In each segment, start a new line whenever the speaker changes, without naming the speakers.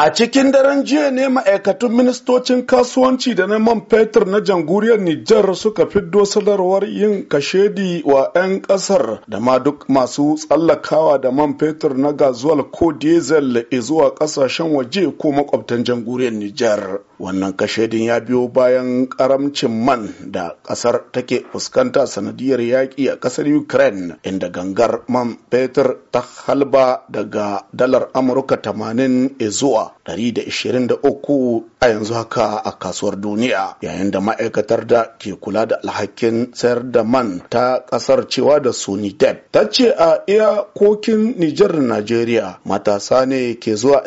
A cikin daren jiya ne ma'aikatun ministocin kasuwanci da na man fetur na janguriyar Nijar suka fiddo sadarwar yin kashedi wa 'yan kasar da ma duk masu tsallakawa da man fetur na gazuwal ko diesel zuwa kasashen waje ko makwabtan janguriyar Nijar. wannan kashedin ya biyo bayan karamcin man da kasar take fuskanta sanadiyar yaƙi a ƙasar ukraine inda gangar man fetur ta halba daga dalar amurka 80 zuwa 123 a yanzu haka a kasuwar duniya yayin da ma'aikatar da ke kula da alhakin sayar da man ta ƙasar cewa da deb ta ce a iyakokin nijar da najeriya matasa ne ke zuwa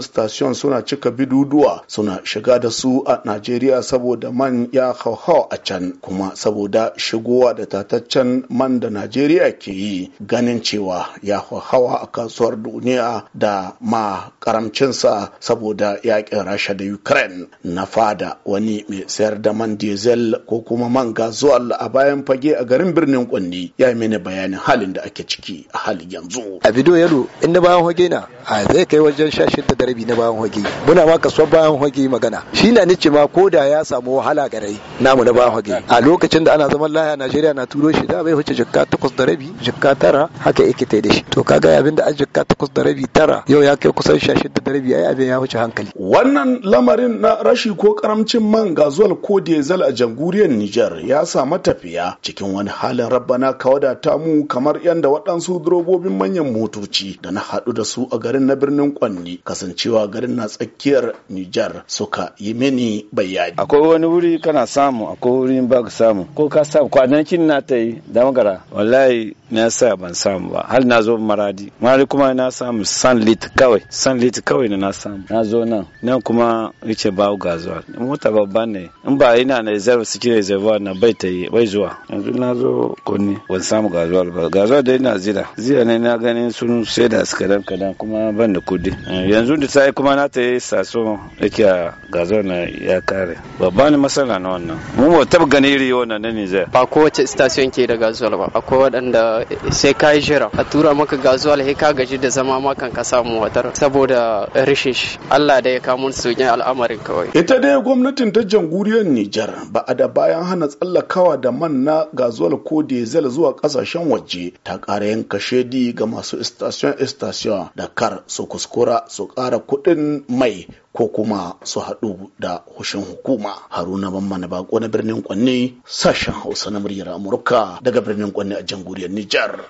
station suna cika biduduwa suna shiga da su a Najeriya saboda man ya hauhau a can kuma saboda shigowa da tataccen man da Najeriya ke yi ganin cewa ya hauhawa a kasuwar duniya da ma karamcinsa saboda yakin Rasha da Ukraine na fada wani mai sayar da man diesel ko kuma man gazuwal a bayan fage a garin birnin Kunni ya yi mini bayanin halin da
ake ciki a halin yanzu. A bidiyo yalo inda bayan hoge na a zai kai wajen sha shida da rabi na bayan hoge muna ma kasuwar bayan hoge magana shi na nice ma ko da ya samu wahala rai namu na bayan hoge a lokacin da ana zaman laya Najeriya na turo shi da bai wuce jikka takwas da rabi jikka tara haka yake tai da shi to kaga abin da an jikka takwas da rabi tara yau ya kai kusan sha shida da rabi ai abin ya wuce hankali
wannan lamarin na rashi ko karamcin man gazuwal ko diesel a jamhuriyar Nijar ya samu tafiya cikin wani halin rabbana kawada ta mu kamar yanda waɗansu durobobin manyan motoci da na haɗu da su a garin na birnin Kwanni kasancewa
garin na tsakiyar Nijar suka yi mini bayani. Akwai wani wuri kana samu akwai wuri ba ka samu ko ka samu kwanakin na ta yi da magara wallahi na sa ban samu ba hal na zo maradi maradi kuma na samu sanlit kawai sanlit kawai na na samu na zo nan nan kuma yace ba ga zuwa mota babba ne in ba ina na reserve suke reserve na bai ta yi bai zuwa yanzu na zo kone ban samu gazuwar ba gazuwar da na zira zira ne na ganin sun sai da su kadan kadan kuma kuma ban da kudi eh, yanzu da yi kuma na ta yi saso yake a gazo na ya kare ne masana na wannan mu
ba taɓa gani iri wannan na Nijar ba kowace station ke da gazo ba akwai waɗanda sai ka yi jira a tura maka gazo sai ka gaji da zama ma kan ka samu watar saboda rishin Allah da ya kamun sokin al'amarin kawai ita
dai gwamnatin ta jamhuriyar Nijar ba a da bayan hana tsallakawa da man na gazo ko diesel zuwa kasashen waje ta ƙara yanka shedi ga masu station station da kar su kuskura su ƙara kuɗin mai ko kuma su haɗu da hushin hukuma haruna na bako na birnin kwanne sashen hausa na muryar amurka daga birnin kwanne a jamhuriyar nijar